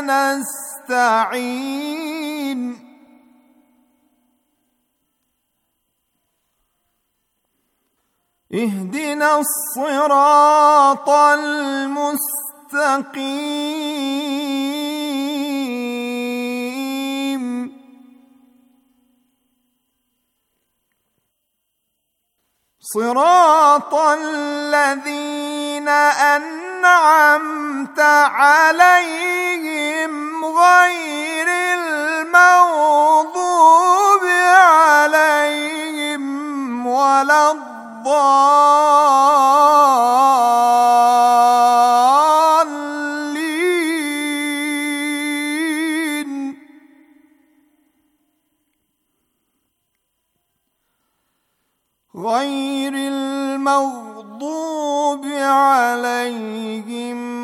نستعين اهدنا الصراط المستقيم صراط الذين انعمت أنعمت عليهم غير المغضوب عليهم ولا الضالين غير المغضوب عليهم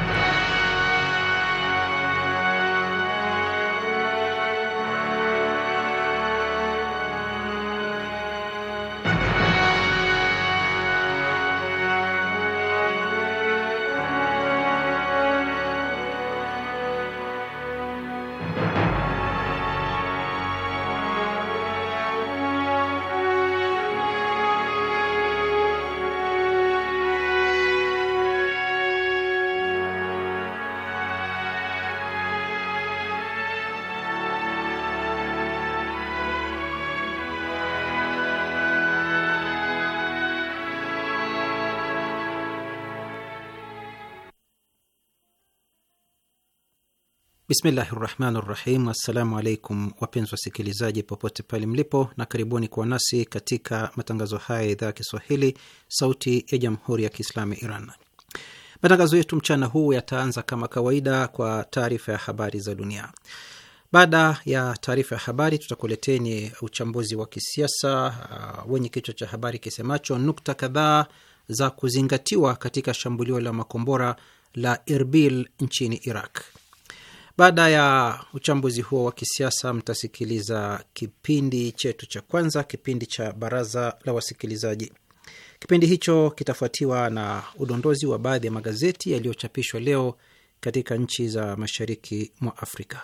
Bismillahi rahmani rahim. Assalamu alaikum wapenzi wasikilizaji popote pale mlipo, na karibuni kuwa nasi katika matangazo haya ya idhaa ya Kiswahili, Sauti ya Jamhuri ya Kiislamu Iran. Matangazo yetu mchana huu yataanza kama kawaida kwa taarifa ya habari za dunia. Baada ya taarifa ya habari, tutakuleteni uchambuzi wa kisiasa uh, wenye kichwa cha habari kisemacho nukta kadhaa za kuzingatiwa katika shambulio la makombora la Erbil nchini Iraq. Baada ya uchambuzi huo wa kisiasa, mtasikiliza kipindi chetu cha kwanza, kipindi cha baraza la wasikilizaji. Kipindi hicho kitafuatiwa na udondozi wa baadhi ya magazeti yaliyochapishwa leo katika nchi za mashariki mwa Afrika.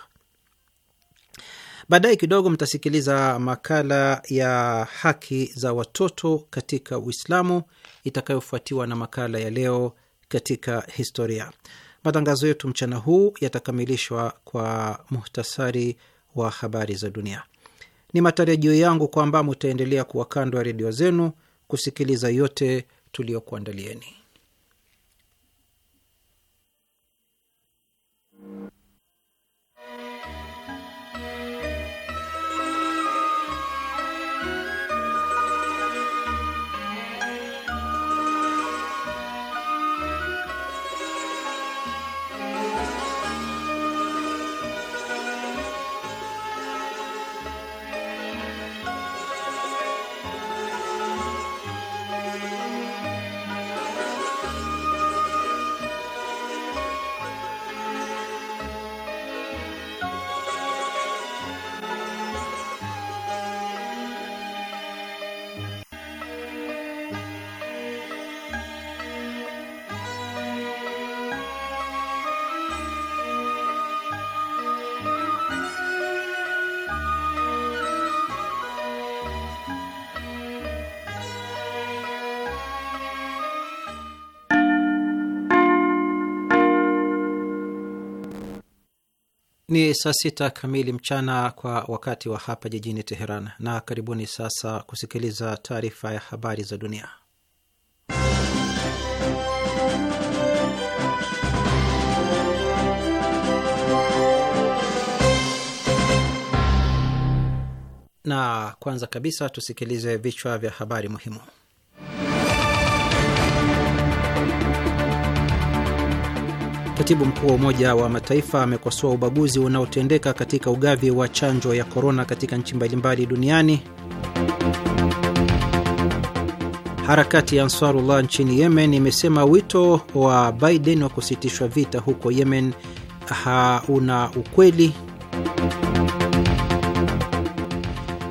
Baadaye kidogo mtasikiliza makala ya haki za watoto katika Uislamu itakayofuatiwa na makala ya leo katika historia. Matangazo yetu mchana huu yatakamilishwa kwa muhtasari wa habari za dunia. Ni matarajio yangu kwamba mutaendelea kuwa kando ya redio zenu kusikiliza yote tuliyokuandalieni. Ni saa sita kamili mchana kwa wakati wa hapa jijini Teheran, na karibuni sasa kusikiliza taarifa ya habari za dunia. Na kwanza kabisa tusikilize vichwa vya habari muhimu. Katibu mkuu wa Umoja wa Mataifa amekosoa ubaguzi unaotendeka katika ugavi wa chanjo ya korona katika nchi mbalimbali duniani. Harakati ya Ansarullah nchini Yemen imesema wito wa Biden wa kusitishwa vita huko Yemen hauna ukweli.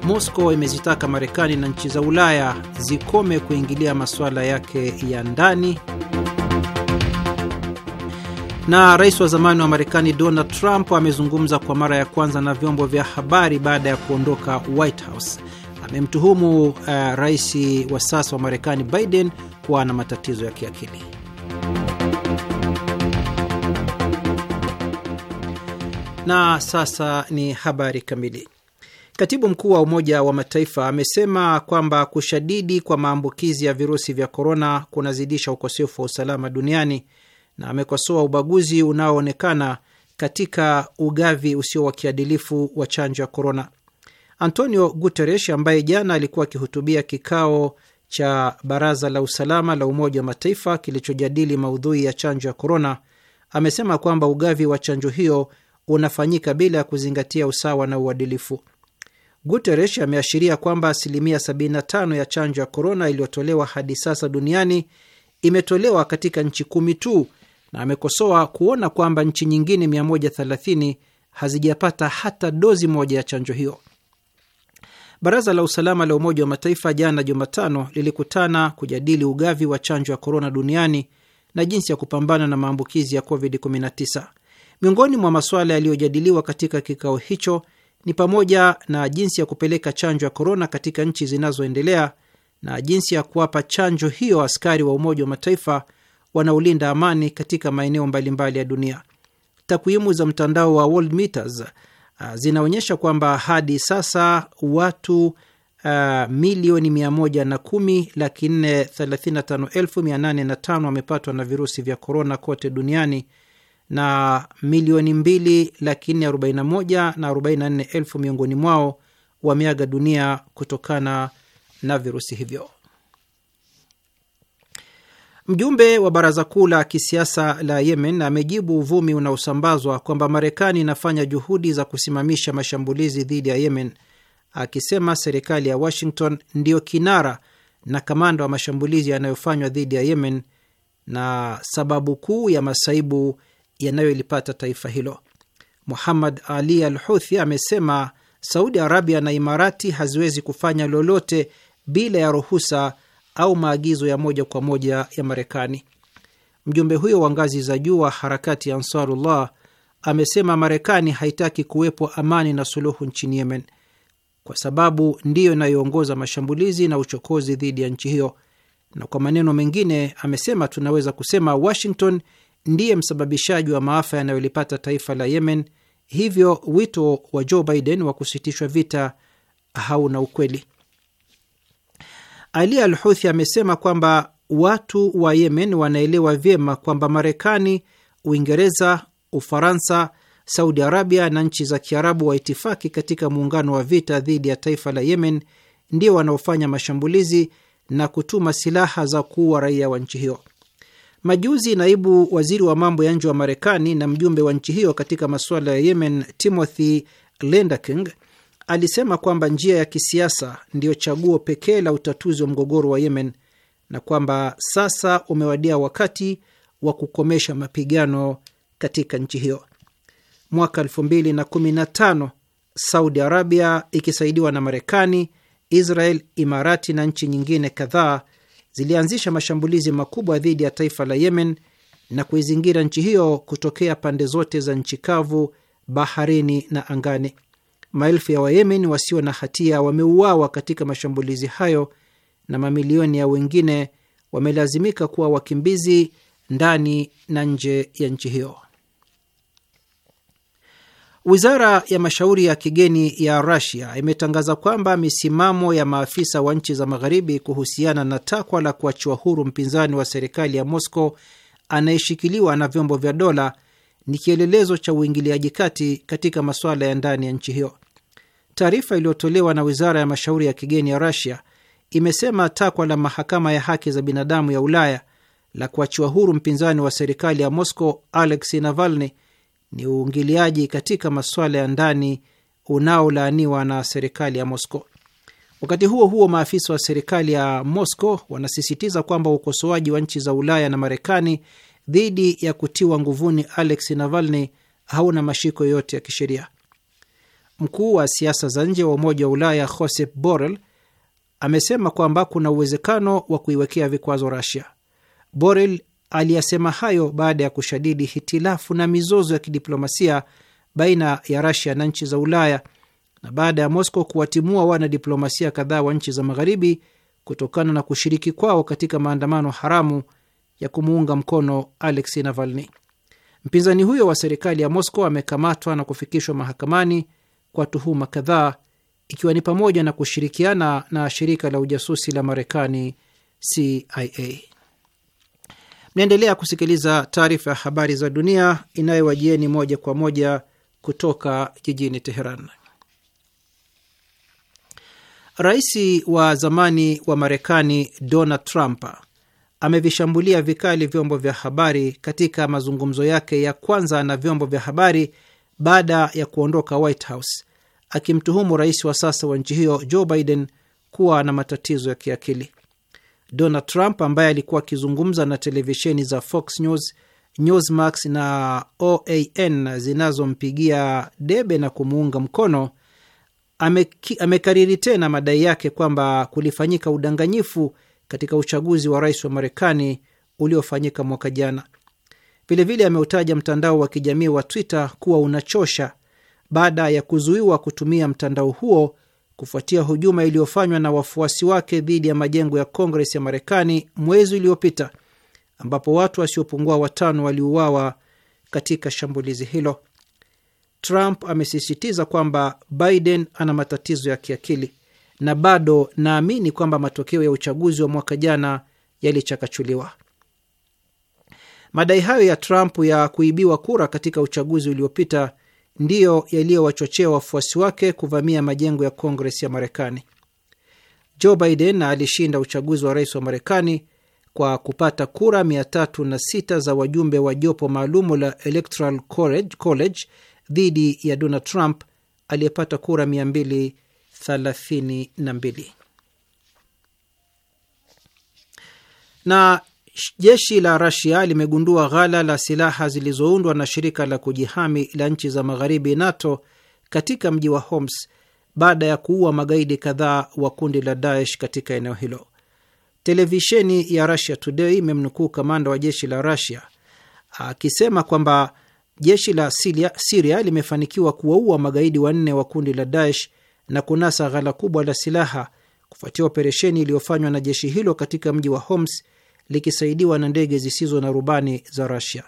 Moscow imezitaka Marekani na nchi za Ulaya zikome kuingilia masuala yake ya ndani. Na rais wa zamani wa Marekani Donald Trump amezungumza kwa mara ya kwanza na vyombo vya habari baada ya kuondoka White House. Amemtuhumu uh, rais wa sasa wa Marekani Biden kuwa na matatizo ya kiakili. Na sasa ni habari kamili. Katibu mkuu wa Umoja wa Mataifa amesema kwamba kushadidi kwa maambukizi ya virusi vya korona kunazidisha ukosefu wa usalama duniani na amekosoa ubaguzi unaoonekana katika ugavi usio wa kiadilifu wa chanjo ya korona. Antonio Guterres ambaye jana alikuwa akihutubia kikao cha Baraza la Usalama la Umoja wa Mataifa kilichojadili maudhui ya chanjo ya korona amesema kwamba ugavi wa chanjo hiyo unafanyika bila ya kuzingatia usawa na uadilifu. Guterres ameashiria kwamba asilimia 75 ya chanjo ya korona iliyotolewa hadi sasa duniani imetolewa katika nchi kumi tu na amekosoa kuona kwamba nchi nyingine 130 hazijapata hata dozi moja ya chanjo hiyo. Baraza la usalama la Umoja wa Mataifa jana Jumatano lilikutana kujadili ugavi wa chanjo ya korona duniani na jinsi ya kupambana na maambukizi ya COVID-19. Miongoni mwa masuala yaliyojadiliwa katika kikao hicho ni pamoja na jinsi ya kupeleka chanjo ya korona katika nchi zinazoendelea na jinsi ya kuwapa chanjo hiyo askari wa Umoja wa Mataifa wanaolinda amani katika maeneo mbalimbali ya dunia. Takwimu za mtandao wa World Meters uh, zinaonyesha kwamba hadi sasa watu uh, milioni 110,435,805 wamepatwa na virusi vya korona kote duniani na milioni 2,441 na 44,000 miongoni mwao wameaga dunia kutokana na virusi hivyo. Mjumbe wa baraza kuu la kisiasa la Yemen amejibu uvumi unaosambazwa kwamba Marekani inafanya juhudi za kusimamisha mashambulizi dhidi ya Yemen, akisema serikali ya Washington ndiyo kinara na kamanda wa mashambulizi yanayofanywa dhidi ya Yemen na sababu kuu ya masaibu yanayolipata taifa hilo. Muhammad Ali Al Huthi amesema Saudi Arabia na Imarati haziwezi kufanya lolote bila ya ruhusa au maagizo ya moja kwa moja ya Marekani. Mjumbe huyo wa ngazi za juu wa harakati ya Ansarullah amesema Marekani haitaki kuwepo amani na suluhu nchini Yemen kwa sababu ndiyo inayoongoza mashambulizi na uchokozi dhidi ya nchi hiyo, na kwa maneno mengine amesema tunaweza kusema Washington ndiye msababishaji wa maafa yanayolipata taifa la Yemen. Hivyo wito wa Joe Biden wa kusitishwa vita hauna ukweli. Ali Al Huthi amesema kwamba watu wa Yemen wanaelewa vyema kwamba Marekani, Uingereza, Ufaransa, Saudi Arabia na nchi za Kiarabu wa itifaki katika muungano wa vita dhidi ya taifa la Yemen ndio wanaofanya mashambulizi na kutuma silaha za kuua raia wa nchi hiyo. Majuzi naibu waziri wa mambo ya nje wa Marekani na mjumbe wa nchi hiyo katika masuala ya Yemen, Timothy Lenderking alisema kwamba njia ya kisiasa ndiyo chaguo pekee la utatuzi wa mgogoro wa Yemen na kwamba sasa umewadia wakati wa kukomesha mapigano katika nchi hiyo. Mwaka 2015 Saudi Arabia ikisaidiwa na Marekani, Israel, Imarati na nchi nyingine kadhaa zilianzisha mashambulizi makubwa dhidi ya taifa la Yemen na kuizingira nchi hiyo kutokea pande zote za nchi kavu, baharini na angani. Maelfu ya Wayemen wasio na hatia wameuawa katika mashambulizi hayo na mamilioni ya wengine wamelazimika kuwa wakimbizi ndani na nje ya nchi hiyo. Wizara ya mashauri ya kigeni ya rasia imetangaza kwamba misimamo ya maafisa wa nchi za magharibi kuhusiana na takwa la kuachiwa huru mpinzani wa serikali ya Moscow anayeshikiliwa na vyombo vya dola ni kielelezo cha uingiliaji kati katika masuala ya ndani ya nchi hiyo. Taarifa iliyotolewa na wizara ya mashauri ya kigeni ya rusia imesema takwa la mahakama ya haki za binadamu ya Ulaya la kuachiwa huru mpinzani wa serikali ya Moscow Alexei Navalny ni uingiliaji katika masuala ya ndani unaolaaniwa na serikali ya Moscow. Wakati huo huo, maafisa wa serikali ya Moscow wanasisitiza kwamba ukosoaji wa nchi za Ulaya na Marekani dhidi ya kutiwa nguvuni Alexei Navalny hauna mashiko yoyote ya kisheria mkuu wa siasa za nje wa Umoja wa Ulaya Josep Borrell amesema kwamba kuna uwezekano wa kuiwekea vikwazo Rasia. Borrell aliyasema hayo baada ya kushadidi hitilafu na mizozo ya kidiplomasia baina ya rasia na nchi za Ulaya na baada ya Moscow kuwatimua wanadiplomasia kadhaa wa nchi za Magharibi kutokana na kushiriki kwao katika maandamano haramu ya kumuunga mkono Alexei Navalny. Mpinzani huyo wa serikali ya Moscow amekamatwa na kufikishwa mahakamani kwa tuhuma kadhaa, ikiwa ni pamoja na kushirikiana na shirika la ujasusi la Marekani CIA. Mnaendelea kusikiliza taarifa ya habari za dunia inayowajieni moja kwa moja kutoka jijini Teheran. Rais wa zamani wa Marekani Donald Trump amevishambulia vikali vyombo vya habari katika mazungumzo yake ya kwanza na vyombo vya habari baada ya kuondoka White House akimtuhumu rais wa sasa wa nchi hiyo Joe Biden kuwa na matatizo ya kiakili. Donald Trump ambaye alikuwa akizungumza na televisheni za Fox News, Newsmax na OAN zinazompigia debe na kumuunga mkono ameki, amekariri tena madai yake kwamba kulifanyika udanganyifu katika uchaguzi wa rais wa Marekani uliofanyika mwaka jana. Vilevile ameutaja mtandao wa kijamii wa Twitter kuwa unachosha baada ya kuzuiwa kutumia mtandao huo kufuatia hujuma iliyofanywa na wafuasi wake dhidi ya majengo ya Kongres ya Marekani mwezi uliopita, ambapo watu wasiopungua watano waliuawa katika shambulizi hilo. Trump amesisitiza kwamba Biden ana matatizo ya kiakili na bado naamini kwamba matokeo ya uchaguzi wa mwaka jana yalichakachuliwa. Madai hayo ya Trump ya kuibiwa kura katika uchaguzi uliopita ndiyo yaliyowachochea wafuasi wake kuvamia majengo ya Kongres ya Marekani. Joe Biden alishinda uchaguzi wa rais wa Marekani kwa kupata kura 306 za wajumbe wa jopo maalumu la Electoral College, College dhidi ya Donald Trump aliyepata kura 232 na Jeshi la Rasia limegundua ghala la silaha zilizoundwa na shirika la kujihami la nchi za magharibi NATO katika mji wa Homs baada ya kuua magaidi kadhaa wa kundi la Daesh katika eneo hilo. Televisheni ya Russia Today imemnukuu kamanda wa jeshi la Russia akisema kwamba jeshi la syria Siria limefanikiwa kuwaua magaidi wanne wa kundi la Daesh na kunasa ghala kubwa la silaha kufuatia operesheni iliyofanywa na jeshi hilo katika mji wa Homs likisaidiwa na ndege zisizo na rubani za Rasia.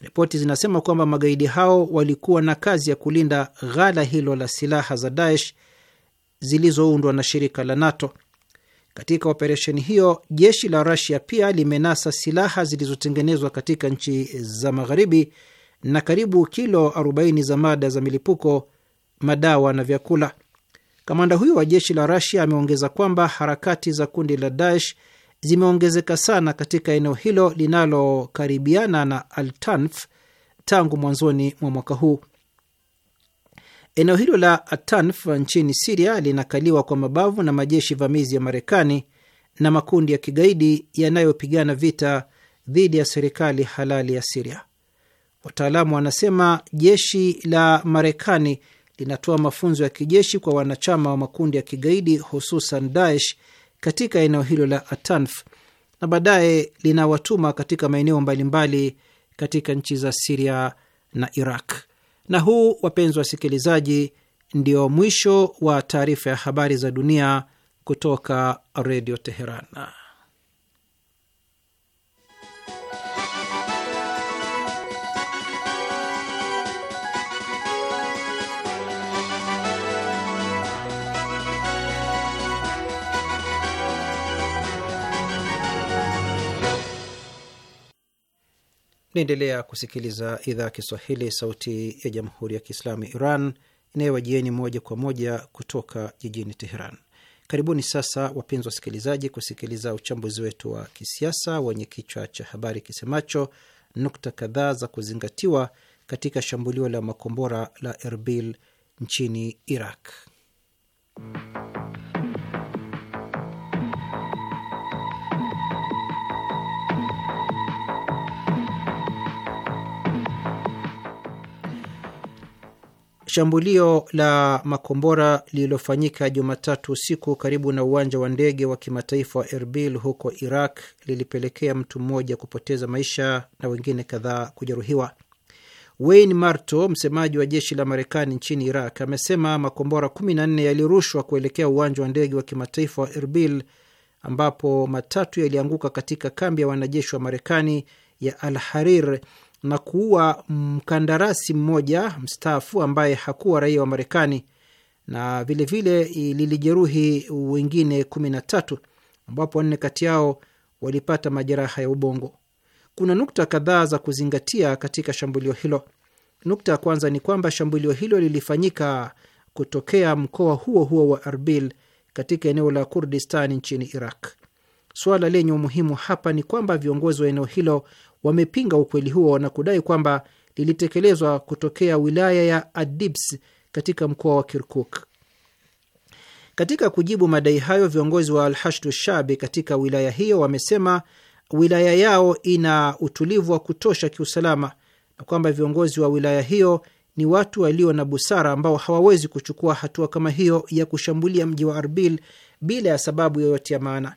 Ripoti zinasema kwamba magaidi hao walikuwa na kazi ya kulinda ghala hilo la silaha za Daesh zilizoundwa na shirika la NATO. Katika operesheni hiyo, jeshi la Rasia pia limenasa silaha zilizotengenezwa katika nchi za Magharibi na karibu kilo 40 za mada za milipuko, madawa na vyakula. Kamanda huyo wa jeshi la Rasia ameongeza kwamba harakati za kundi la Daesh zimeongezeka sana katika eneo hilo linalokaribiana na Altanf tangu mwanzoni mwa mwaka huu. Eneo hilo la Atanf nchini Siria linakaliwa kwa mabavu na majeshi vamizi ya Marekani na makundi ya kigaidi yanayopigana vita dhidi ya serikali halali ya Siria. Wataalamu wanasema jeshi la Marekani linatoa mafunzo ya kijeshi kwa wanachama wa makundi ya kigaidi hususan Daesh katika eneo hilo la Atanf na baadaye linawatuma katika maeneo mbalimbali katika nchi za Siria na Iraq. Na huu, wapenzi wa wasikilizaji, ndio mwisho wa taarifa ya habari za dunia kutoka Redio Teheran. Naendelea kusikiliza idhaa ya Kiswahili, sauti ya jamhuri ya kiislamu Iran inayowajieni moja kwa moja kutoka jijini Teheran. Karibuni sasa, wapenzi wasikilizaji, kusikiliza uchambuzi wetu wa kisiasa wenye kichwa cha habari kisemacho nukta kadhaa za kuzingatiwa katika shambulio la makombora la Erbil nchini Iraq. Shambulio la makombora lililofanyika Jumatatu usiku karibu na uwanja wa ndege wa kimataifa wa Erbil huko Iraq lilipelekea mtu mmoja kupoteza maisha na wengine kadhaa kujeruhiwa. Wayne Marto, msemaji wa jeshi la Marekani nchini Iraq, amesema makombora 14 yalirushwa kuelekea uwanja wa ndege wa kimataifa wa Erbil, ambapo matatu yalianguka katika kambi ya wanajeshi wa Marekani ya Al Harir na kuua mkandarasi mmoja mstaafu ambaye hakuwa raia wa Marekani na vilevile lilijeruhi wengine tatu ambapo wanne kati yao walipata majeraha ya ubongo. Kuna nukta kadhaa za kuzingatia katika shambulio hilo. Nukta ya kwanza ni kwamba shambulio hilo lilifanyika kutokea mkoa huo huo wa Arbil katika eneo la Kurdistan nchini Iraq. Suala lenye umuhimu hapa ni kwamba viongozi wa eneo hilo wamepinga ukweli huo na kudai kwamba lilitekelezwa kutokea wilaya ya Adibs katika mkoa wa Kirkuk. Katika kujibu madai hayo, viongozi wa Alhashdu Shabi katika wilaya hiyo wamesema wilaya yao ina utulivu wa kutosha kiusalama na kwamba viongozi wa wilaya hiyo ni watu walio na busara ambao hawawezi kuchukua hatua kama hiyo ya kushambulia mji wa Arbil bila ya sababu yoyote ya maana.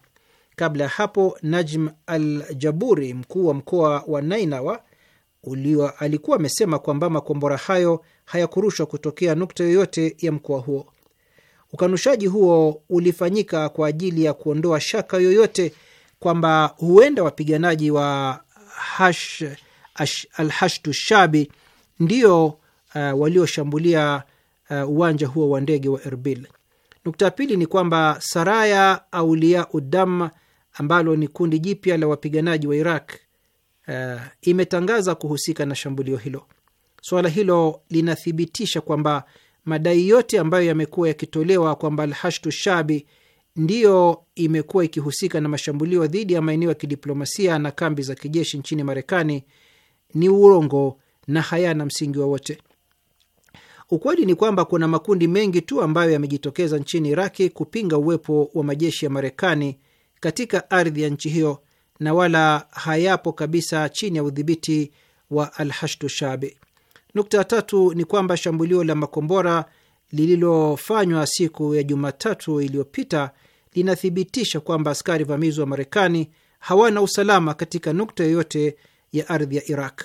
Kabla ya hapo, Najm al Jaburi, mkuu wa mkoa wa Nainawa, ulio alikuwa amesema kwamba makombora hayo hayakurushwa kutokea nukta yoyote ya mkoa huo. Ukanushaji huo ulifanyika kwa ajili ya kuondoa shaka yoyote kwamba huenda wapiganaji wa hash, hash, Shabi ndio uh, walioshambulia uh, uwanja huo wa ndege wa Erbil. Nukta ya pili ni kwamba Saraya Aulia Udam ambalo ni kundi jipya la wapiganaji wa Iraq uh, imetangaza kuhusika na shambulio hilo. Suala hilo linathibitisha kwamba madai yote ambayo yamekuwa yakitolewa kwamba Alhashdu Shabi ndiyo imekuwa ikihusika na mashambulio dhidi ya maeneo ya kidiplomasia na kambi za kijeshi nchini Marekani ni uongo na hayana msingi wowote. Ukweli ni kwamba kuna makundi mengi tu ambayo yamejitokeza nchini Iraki kupinga uwepo wa majeshi ya Marekani katika ardhi ya nchi hiyo na wala hayapo kabisa chini ya udhibiti wa Alhashdu Shabi. Nukta ya tatu ni kwamba shambulio la makombora lililofanywa siku ya Jumatatu iliyopita linathibitisha kwamba askari vamizi wa Marekani hawana usalama katika nukta yoyote ya ardhi ya Iraq.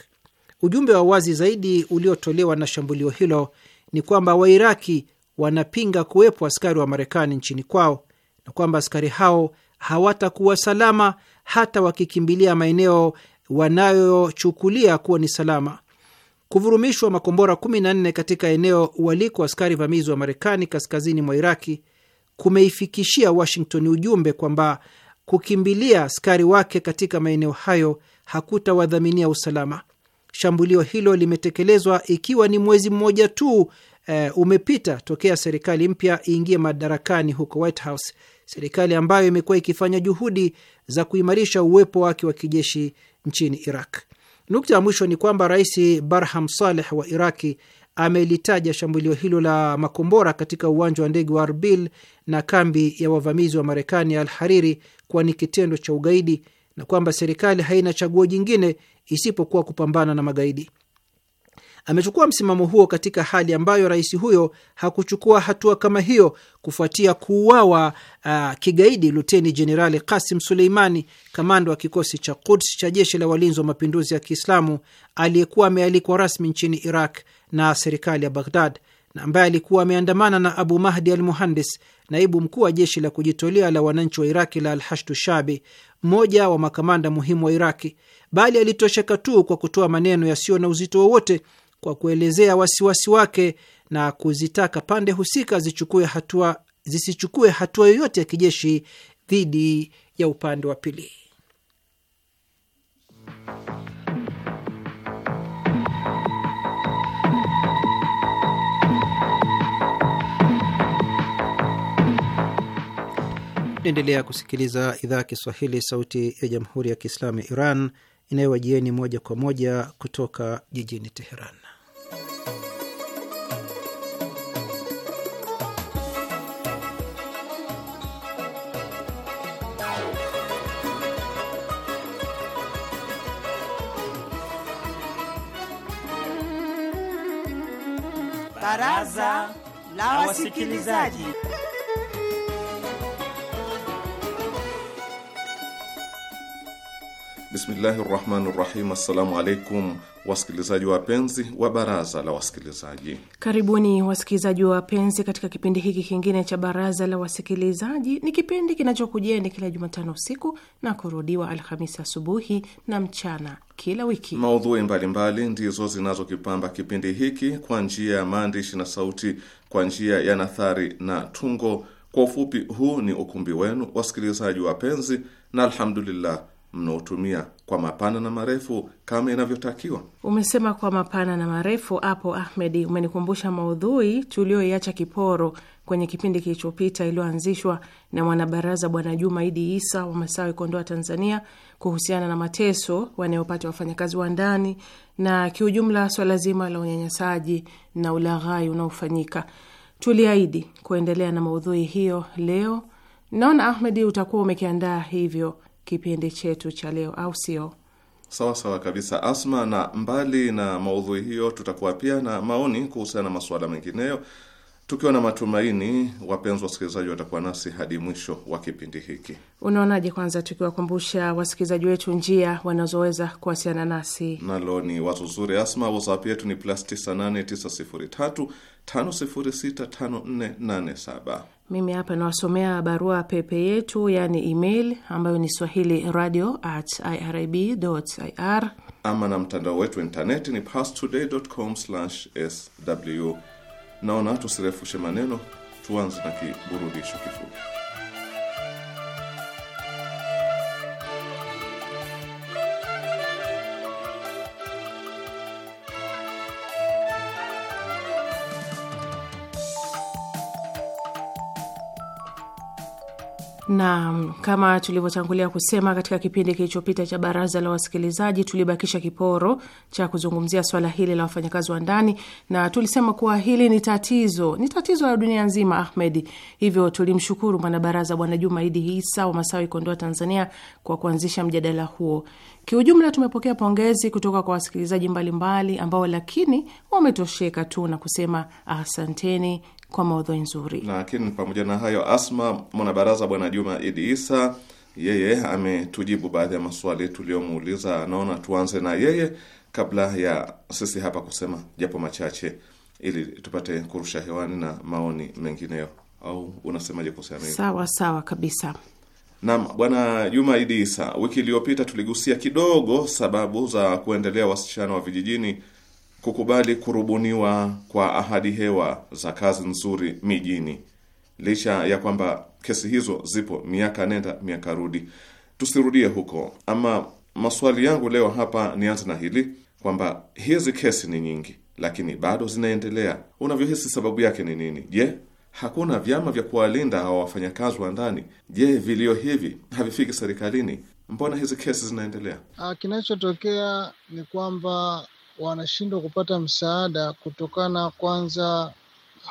Ujumbe wa wazi zaidi uliotolewa na shambulio hilo ni kwamba Wairaki wanapinga kuwepo askari wa Marekani nchini kwao na kwamba askari hao hawatakuwa salama hata wakikimbilia maeneo wanayochukulia kuwa ni salama. Kuvurumishwa makombora 14 katika eneo waliko askari vamizi wa Marekani kaskazini mwa Iraki kumeifikishia Washington ujumbe kwamba kukimbilia askari wake katika maeneo hayo hakutawadhaminia usalama. Shambulio hilo limetekelezwa ikiwa ni mwezi mmoja tu e, umepita tokea serikali mpya iingie madarakani huko White House serikali ambayo imekuwa ikifanya juhudi za kuimarisha uwepo wake wa kijeshi nchini Iraq. Nukta ya mwisho ni kwamba Rais Barham Saleh wa Iraki amelitaja shambulio hilo la makombora katika uwanja wa ndege wa Arbil na kambi ya wavamizi wa Marekani ya Al Hariri kuwa ni kitendo cha ugaidi na kwamba serikali haina chaguo jingine isipokuwa kupambana na magaidi amechukua msimamo huo katika hali ambayo rais huyo hakuchukua hatua kama hiyo kufuatia kuuawa uh, kigaidi Luteni Jenerali Kasim Suleimani, kamanda wa kikosi cha Quds cha jeshi la walinzi wa mapinduzi ya Kiislamu aliyekuwa amealikwa rasmi nchini Iraq na serikali ya Baghdad na ambaye alikuwa ameandamana na Abu Mahdi al Muhandis, naibu mkuu wa jeshi la kujitolea la wananchi wa Iraki la Alhashdu Shabi, mmoja wa makamanda muhimu wa Iraki, bali alitosheka tu kwa kutoa maneno yasiyo na uzito wowote kwa kuelezea wasiwasi wake na kuzitaka pande husika zichukue hatua, zisichukue hatua yoyote ya kijeshi dhidi ya upande wa pili. Naendelea kusikiliza idhaa ya Kiswahili, sauti ya jamhuri ya kiislamu ya Iran inayowajieni moja kwa moja kutoka jijini Teheran. Baraza la Wasikilizaji. Bismillahi rahmani rahim. Assalamu alaikum wasikilizaji wapenzi wa baraza la wasikilizaji, karibuni wasikilizaji wa wapenzi katika kipindi hiki kingine cha baraza la wasikilizaji. Ni kipindi kinachokujeni kila Jumatano usiku na kurudiwa Alhamisi asubuhi na mchana kila wiki. Maudhui mbalimbali ndizo zinazokipamba kipindi hiki kwa njia ya maandishi na sauti, kwa njia ya nathari na tungo. Kwa ufupi, huu ni ukumbi wenu wasikilizaji wapenzi, na alhamdulillah mnaotumia kwa mapana na marefu kama inavyotakiwa. Umesema kwa mapana na marefu hapo, Ahmedi, umenikumbusha maudhui tuliyoiacha kiporo kwenye kipindi kilichopita, iliyoanzishwa na mwanabaraza Bwana Juma Idi Isa wa Masawi, Kondoa, Tanzania, kuhusiana na mateso wanayopata wafanyakazi wa ndani na kiujumla swala zima la unyanyasaji na ulaghai unaofanyika. Tuliahidi kuendelea na maudhui hiyo leo. Naona Ahmedi utakuwa umekiandaa hivyo kipindi chetu cha leo, au sio? Sawa sawa kabisa, Asma. Na mbali na maudhui hiyo, tutakuwa pia na maoni kuhusiana na masuala mengineyo, tukiwa na matumaini wapenzi wasikilizaji watakuwa nasi hadi mwisho wa kipindi hiki. Unaonaje kwanza tukiwakumbusha wasikilizaji wetu njia wanazoweza kuwasiliana nasi? Nalo ni wazo zuri, Asma. WhatsApp yetu ni plus 98 903 506 5487 mimi hapa nawasomea barua pepe yetu, yaani email ambayo ni swahili radio at irib ir, ama na mtandao wetu wa intaneti ni pastoday.com sw. Naona tusirefushe maneno, tuanze na kiburudisho kifupi. na kama tulivyotangulia kusema katika kipindi kilichopita cha baraza la wasikilizaji, tulibakisha kiporo cha kuzungumzia swala hili la wafanyakazi wa ndani, na tulisema kuwa hili ni tatizo, ni tatizo la dunia nzima, Ahmed. Hivyo tulimshukuru mwanabaraza Bwana Juma Idi Hisa wa Masawi, Kondoa, Tanzania, kwa kuanzisha mjadala huo. Kiujumla, tumepokea pongezi kutoka kwa wasikilizaji mbalimbali ambao lakini wametosheka tu na kusema asanteni kwa maudhui nzuri. Lakini pamoja na hayo, Asma mwanabaraza Bwana Juma Idi Isa yeye ametujibu baadhi ya maswali tuliyomuuliza. Naona tuanze na yeye kabla ya sisi hapa kusema japo machache, ili tupate kurusha hewani na maoni mengineyo, au unasemaje kuhusiana Sawa sawa kabisa. Naam, Bwana Juma Idi Isa, wiki iliyopita tuligusia kidogo sababu za kuendelea wasichana wa vijijini kukubali kurubuniwa kwa ahadi hewa za kazi nzuri mijini, licha ya kwamba kesi hizo zipo miaka nenda miaka rudi. Tusirudie huko. Ama maswali yangu leo hapa, nianze na hili kwamba hizi kesi ni nyingi, lakini bado zinaendelea. Unavyohisi sababu yake ni nini? Je, hakuna vyama vya kuwalinda hawa wafanyakazi wa ndani? Je, vilio hivi havifiki serikalini? Mbona hizi kesi zinaendelea? Ah, kinachotokea ni kwamba wanashindwa kupata msaada kutokana kwanza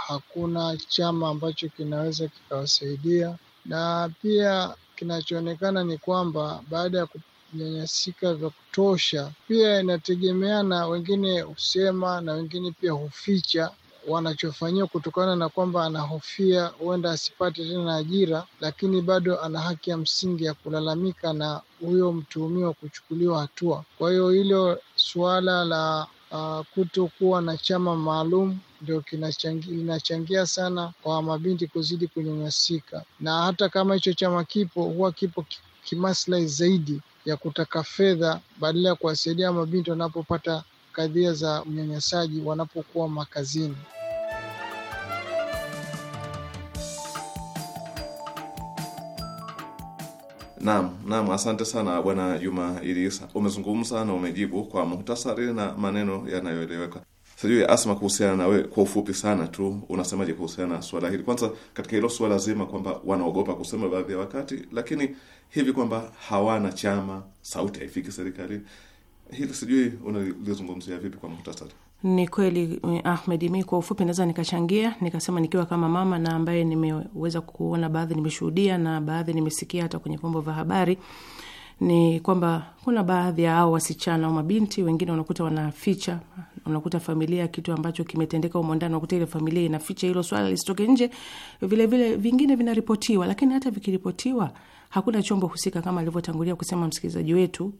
hakuna chama ambacho kinaweza kikawasaidia, na pia kinachoonekana ni kwamba baada ya kunyanyasika vya kutosha, pia inategemeana, wengine husema na wengine pia huficha wanachofanyia kutokana na kwamba anahofia huenda asipate tena ajira, lakini bado ana haki ya msingi ya kulalamika na huyo mtuhumiwa kuchukuliwa hatua. Kwa hiyo hilo suala la uh, kutokuwa na chama maalum ndio linachangia sana kwa mabinti kuzidi kunyanyasika, na hata kama hicho chama kipo huwa kipo kimaslahi zaidi ya kutaka fedha badala ya kuwasaidia mabinti wanapopata kadhia za unyanyasaji wanapokuwa makazini. Naam, naam, asante sana Bwana Juma Idrisa, umezungumza na umejibu kwa muhtasari na maneno yanayoeleweka. Sijui Asma, kuhusiana na we, kwa ufupi sana tu, unasemaje kuhusiana na suala hili? Kwanza katika hilo suala zima kwamba wanaogopa kusema baadhi ya wakati, lakini hivi kwamba hawana chama, sauti haifiki serikalini, hili sijui unalizungumzia vipi kwa muhtasari? Ni kweli eh, Ahmed, mi kwa ufupi naweza nikachangia nikasema, nikiwa kama mama na ambaye nimeweza kuona baadhi, nimeshuhudia na baadhi nimesikia hata kwenye vyombo vya habari, ni kwamba kuna baadhi ya hao wasichana au mabinti wengine unakuta wanaficha, unakuta familia kitu ambacho kimetendeka humo ndani, unakuta ile familia inaficha hilo swala lisitoke nje. Vilevile vingine vinaripotiwa, lakini hata vikiripotiwa hakuna chombo husika, kama alivyotangulia kusema msikilizaji wetu,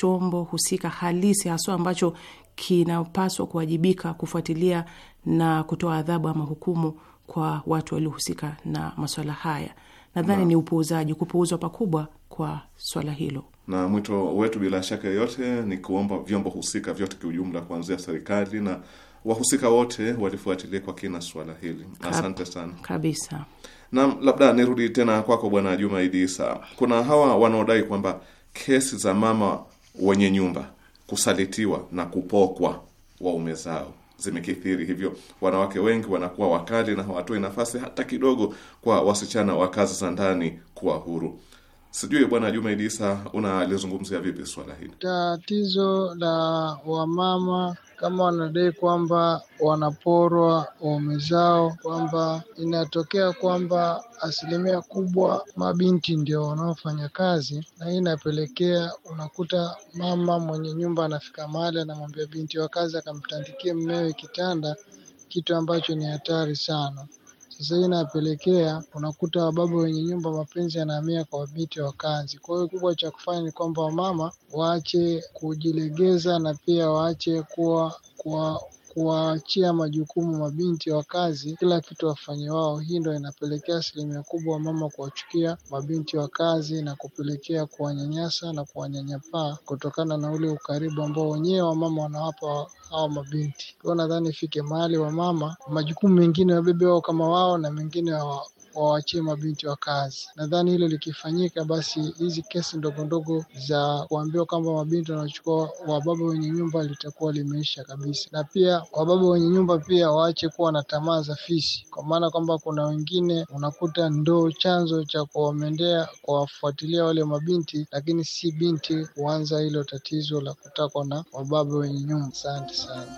chombo husika halisi haswa ambacho kinapaswa kuwajibika kufuatilia na kutoa adhabu ama hukumu kwa watu waliohusika na maswala haya. Nadhani na, ni upuuzaji, kupuuzwa pakubwa kwa swala hilo, na mwito wetu bila shaka yoyote ni kuomba vyombo husika vyote kiujumla, kuanzia serikali na wahusika wote walifuatilia kwa kina swala hili. Asante sana kabisa. Na labda nirudi tena kwako Bwana Juma Idi Isa, kuna hawa wanaodai kwamba kesi za mama wenye nyumba kusalitiwa na kupokwa waume zao zimekithiri, hivyo wanawake wengi wanakuwa wakali na hawatoi nafasi hata kidogo kwa wasichana wa kazi za ndani kuwa huru. Sijui bwana Jumaidi Isa, unalizungumzia vipi swala hili? Tatizo la wamama kama wanadai kwamba wanaporwa waume zao, kwamba inatokea kwamba asilimia kubwa mabinti ndio wanaofanya kazi, na hii inapelekea unakuta mama mwenye nyumba anafika mahali anamwambia binti wa kazi akamtandikie mmewe kitanda, kitu ambacho ni hatari sana. Sasa hii inapelekea unakuta wababa wenye nyumba mapenzi yanahamia kwa binti wa kazi. Kwa hiyo kubwa cha kufanya ni kwamba wamama waache kujilegeza na pia waache kuwa kwa kuwaachia majukumu mabinti wa kazi, kila kitu wafanye wao. Hii ndio inapelekea asilimia kubwa mama kuwachukia mabinti wa kazi na kupelekea kuwanyanyasa na kuwanyanyapaa kutokana na ule ukaribu ambao wenyewe wamama wanawapa hawa mabinti. Kwa nadhani ifike mahali wamama majukumu mengine wabebe wao kama wao na mengine wa wawachie mabinti wa kazi. Nadhani hilo likifanyika, basi hizi kesi ndogo ndogo za kuambiwa kwamba mabinti wanachukua wababa wenye nyumba litakuwa limeisha kabisa, na pia wababa wenye nyumba pia waache kuwa na tamaa za fisi, kwa maana kwamba kuna wengine unakuta ndo chanzo cha kuwamendea kuwafuatilia wale mabinti, lakini si binti kuanza hilo tatizo la kutakwa na wababa wenye nyumba. Asante sana.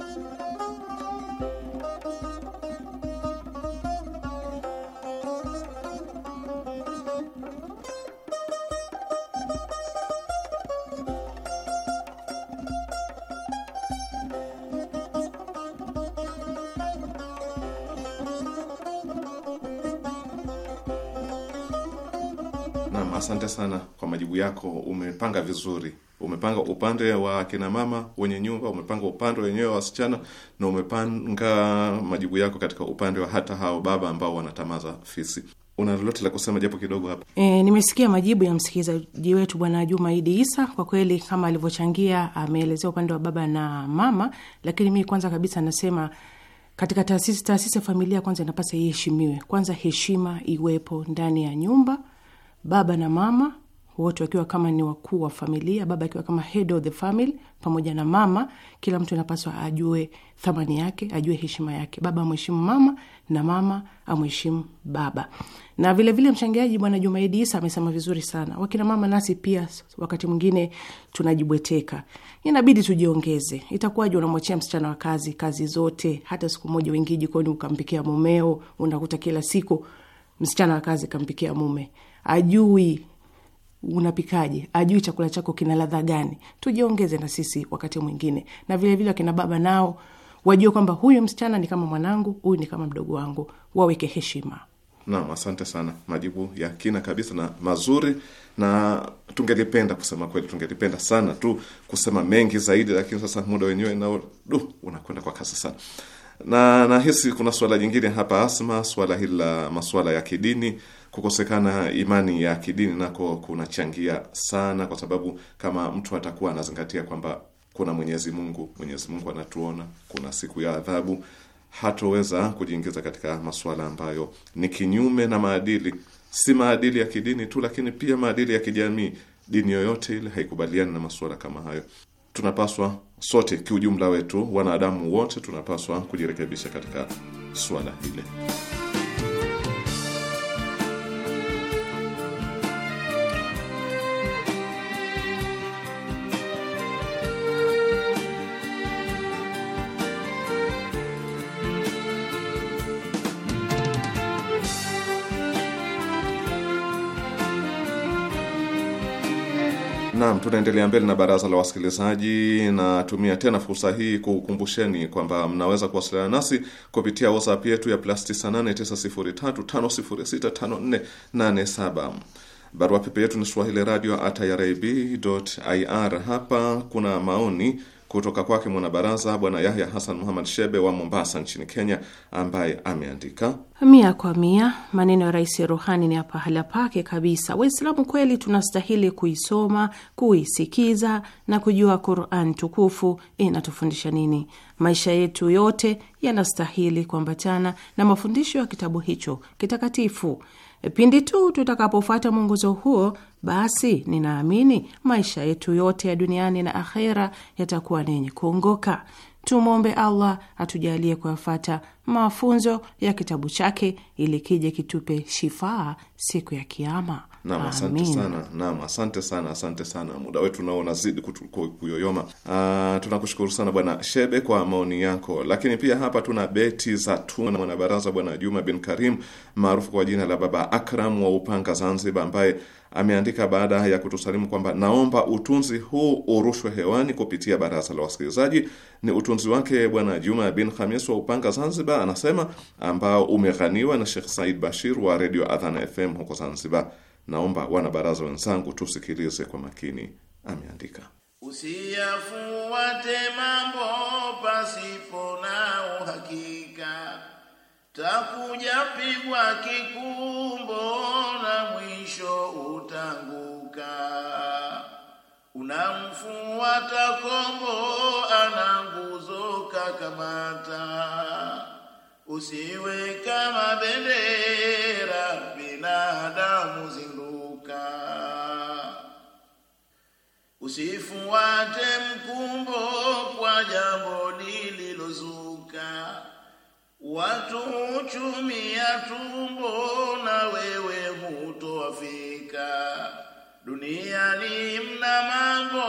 Asante sana kwa majibu yako. Umepanga vizuri, umepanga upande wa kina mama wenye nyumba, umepanga upande wenyewe wa wasichana, na umepanga majibu yako katika upande wa hata hao baba ambao wanatamaza fisi. Una lolote la kusema japo kidogo hapa? E, nimesikia majibu ya msikilizaji wetu Bwana Juma Idi Isa. Kwa kweli kama alivyochangia, ameelezea upande wa baba na mama, lakini mimi kwanza kabisa nasema katika taasisi taasisi ya familia kwanza inapasa iheshimiwe. Kwanza heshima iwepo ndani ya nyumba baba na mama wote wakiwa kama ni wakuu wa familia, baba akiwa kama head of the family pamoja na mama. Kila mtu anapaswa ajue thamani yake, ajue heshima yake. Baba amheshimu mama na mama amheshimu baba. Na vilevile mchangiaji Bwana Jumaidi Isa amesema vizuri sana, wakina mama nasi pia wakati mwingine tunajibweteka, inabidi tujiongeze. Itakuwaje unamwachia msichana wa kazi kazi zote, hata siku moja uingii jikoni ukampikia mumeo? Unakuta kila siku msichana wa kazi kampikia mume ajui unapikaje, ajui chakula chako kina ladha gani. Tujiongeze na sisi wakati mwingine, na vilevile vile wakina baba nao wajue kwamba huyu msichana ni kama mwanangu, huyu ni kama mdogo wangu, waweke heshima. Naam, asante sana, majibu ya kina kabisa na mazuri, na tungelipenda kusema kweli, tungelipenda sana tu kusema mengi zaidi, lakini sasa muda wenyewe nao du unakwenda kwa kasi sana, na nahisi kuna suala jingine hapa, Asma, suala hili la masuala ya kidini kukosekana imani ya kidini nako kunachangia sana, kwa sababu kama mtu atakuwa anazingatia kwamba kuna Mwenyezi Mungu, Mwenyezi Mungu anatuona, kuna siku ya adhabu, hatoweza kujiingiza katika masuala ambayo ni kinyume na maadili, si maadili ya kidini tu, lakini pia maadili ya kijamii. Dini yoyote ile haikubaliani na masuala kama hayo. Tunapaswa sote kiujumla wetu, wanadamu wote tunapaswa kujirekebisha katika suala hili. tunaendelea mbele na baraza la wasikilizaji. Natumia tena fursa hii kukumbusheni kwamba mnaweza kuwasiliana nasi kupitia WhatsApp yetu ya plus 989035065487. Barua pepe yetu ni swahili radio at irib ir. Hapa kuna maoni kutoka kwake mwanabaraza Bwana Yahya Hassan Muhammad Shebe wa Mombasa nchini Kenya, ambaye ameandika mia kwa mia maneno ya Rais Ruhani ni ya pahala pake kabisa. Waislamu kweli tunastahili kuisoma, kuisikiza na kujua Quran tukufu inatufundisha nini. Maisha yetu yote yanastahili kuambatana na mafundisho ya kitabu hicho kitakatifu. Pindi tu tutakapofuata mwongozo huo, basi ninaamini maisha yetu yote ya duniani na akhera yatakuwa ni yenye kuongoka. Tumwombe Allah atujalie kuyafata mafunzo ya kitabu chake ili kije kitupe shifaa siku ya Kiama. Naam, asante sana. Naam, asante sana, asante sana. Muda wetu nao unazidi kuyoyoma. Ah, tunakushukuru sana Bwana Shebe kwa maoni yako, lakini pia hapa tuna beti za tuna mwanabaraza Bwana Juma bin Karim maarufu kwa jina la Baba Akram wa Upanga, Zanzibar, ambaye ameandika baada ya kutusalimu kwamba naomba utunzi huu urushwe hewani kupitia baraza la wasikilizaji. Ni utunzi wake Bwana Juma bin Khamis wa Upanga, Zanzibar, anasema ambao umeghaniwa na Sheikh Said Bashir wa Redio Adhana FM huko Zanzibar. Naomba wanabaraza wenzangu tusikilize kwa makini, ameandika. Usiyafuate mambo pasipo na uhakika, takuja pigwa kikumbo na mwisho utanguka. Unamfuata kombo, ana nguzo kakamata, usiwe kama bendera usifuate mkumbo kwa jambo lililozuka. Watu huchumia tumbo na wewe dunia ni mna mambo,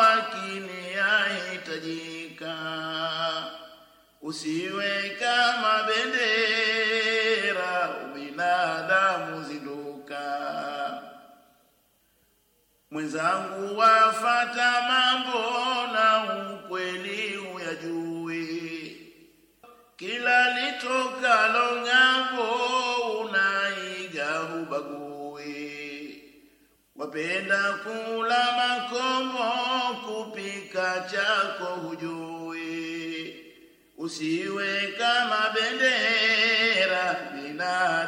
akini yahitajika. Usiwe kama bendera mwenzangu wafata mambo na ukweli uyajui, kila litoka longambo unaiga hubagui, wapenda kula makombo, kupika chako hujui, usiwe kama bendera bila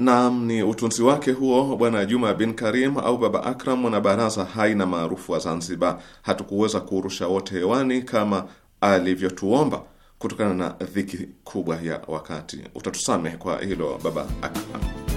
nam ni utunzi wake huo Bwana Juma bin Karim au Baba Akram, baraza hai na maarufu wa Zanzibar. Hatukuweza kuurusha wote hewani kama alivyotuomba kutokana na dhiki kubwa ya wakati. Utatusamehe kwa hilo Baba Akram.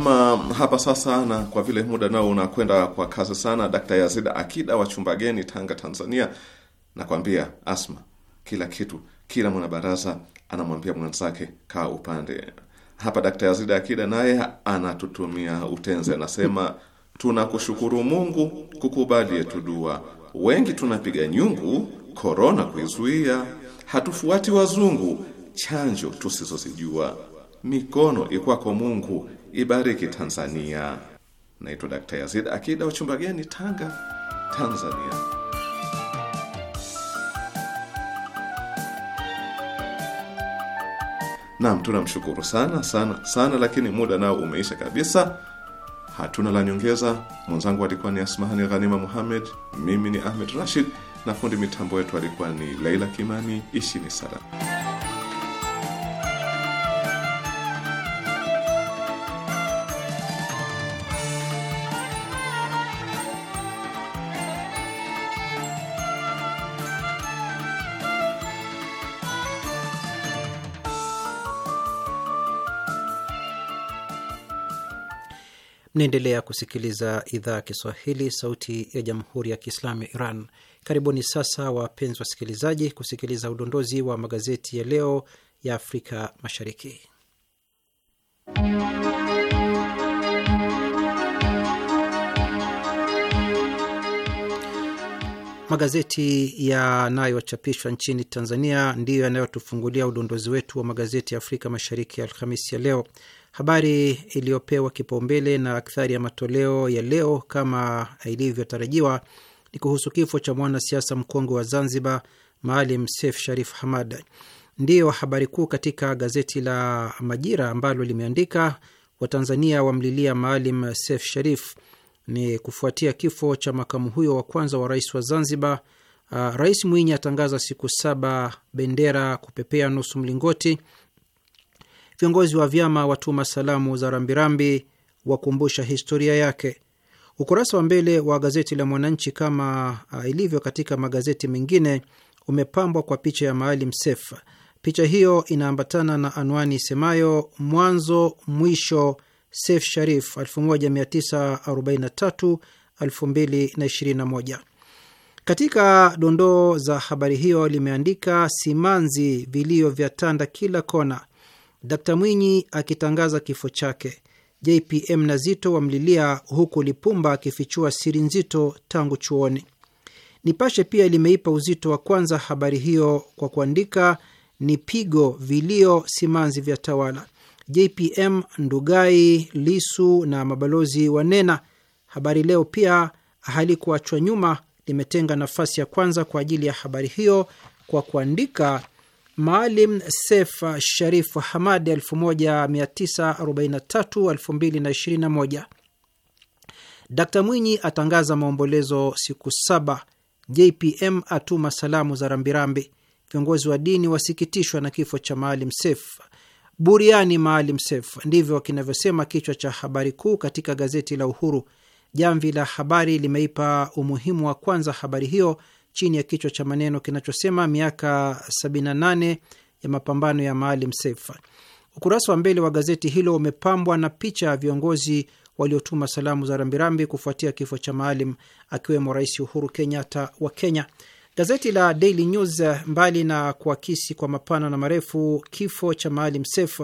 Naam, hapa sasa, na kwa vile muda nao unakwenda kwa kasi sana, Dakta Yazid Akida wa geni Tanga, Tanzania, nakwambia Asma, kila kitu, kila mwanabaraza anamwambia mwenzake kaa upande. Hapa Dakta Yazid Akida naye anatutumia utenzi, anasema tunakushukuru Mungu kukubali yetu dua, wengi tunapiga nyungu, korona kuizuia, hatufuati wazungu, chanjo tusizozijua, mikono ikwako Mungu ibariki Tanzania. Naitwa Dr. Yazid Akida, uchumba geni, Tanga, Tanzania. Naam, tunamshukuru sana sana sana, lakini muda nao umeisha kabisa. Hatuna la nyongeza. Mwenzangu alikuwa ni Asmahani Ghanima muhammed mimi ni Ahmed Rashid na fundi mitambo wetu alikuwa ni Laila Kimani. Ishini salama. Mnaendelea kusikiliza idhaa ya Kiswahili, sauti ya jamhuri ya kiislamu ya Iran. Karibuni sasa, wapenzi wasikilizaji, kusikiliza udondozi wa magazeti ya leo ya Afrika Mashariki. Magazeti yanayochapishwa nchini Tanzania ndiyo yanayotufungulia udondozi wetu wa magazeti ya Afrika Mashariki ya Alhamisi ya leo. Habari iliyopewa kipaumbele na akthari ya matoleo ya leo, kama ilivyotarajiwa, ni kuhusu kifo cha mwanasiasa mkongwe wa Zanzibar Maalim Seif Sharif Hamad. Ndiyo habari kuu katika gazeti la Majira ambalo limeandika Watanzania wamlilia Maalim Seif Sharif. Ni kufuatia kifo cha makamu huyo wa kwanza wa rais wa Zanzibar. Uh, Rais Mwinyi atangaza siku saba bendera kupepea nusu mlingoti viongozi wa vyama watuma salamu za rambirambi wakumbusha historia yake. Ukurasa wa mbele wa gazeti la Mwananchi, kama ah, ilivyo katika magazeti mengine, umepambwa kwa picha ya Maalim Seif. Picha hiyo inaambatana na anwani isemayo mwanzo mwisho Seif Sharif 1943 2021. Katika dondoo za habari hiyo limeandika simanzi, vilio vya tanda kila kona, Dkt Mwinyi akitangaza kifo chake, JPM na Zito wamlilia, huku Lipumba akifichua siri nzito tangu chuoni. Nipashe pia limeipa uzito wa kwanza habari hiyo kwa kuandika ni pigo, vilio, simanzi vya tawala. JPM, Ndugai, Lisu na mabalozi wanena. Habari Leo pia halikuachwa nyuma, limetenga nafasi ya kwanza kwa ajili ya habari hiyo kwa kuandika Maalim Sef Sharif Hamad 1943-2021. Dkt Mwinyi atangaza maombolezo siku saba. JPM atuma salamu za rambirambi. Viongozi wa dini wasikitishwa na kifo cha Maalim Sef. Buriani Maalim Sef, ndivyo kinavyosema kichwa cha habari kuu katika gazeti la Uhuru. Jamvi la Habari limeipa umuhimu wa kwanza habari hiyo chini ya kichwa cha maneno kinachosema miaka 78 ya mapambano ya Maalim Seif. Ukurasa wa mbele wa gazeti hilo umepambwa na picha ya viongozi waliotuma salamu za rambirambi kufuatia kifo cha Maalim, akiwemo Rais Uhuru Kenyatta wa Kenya. Gazeti la Daily News, mbali na kuakisi kwa mapana na marefu kifo cha Maalim Seif,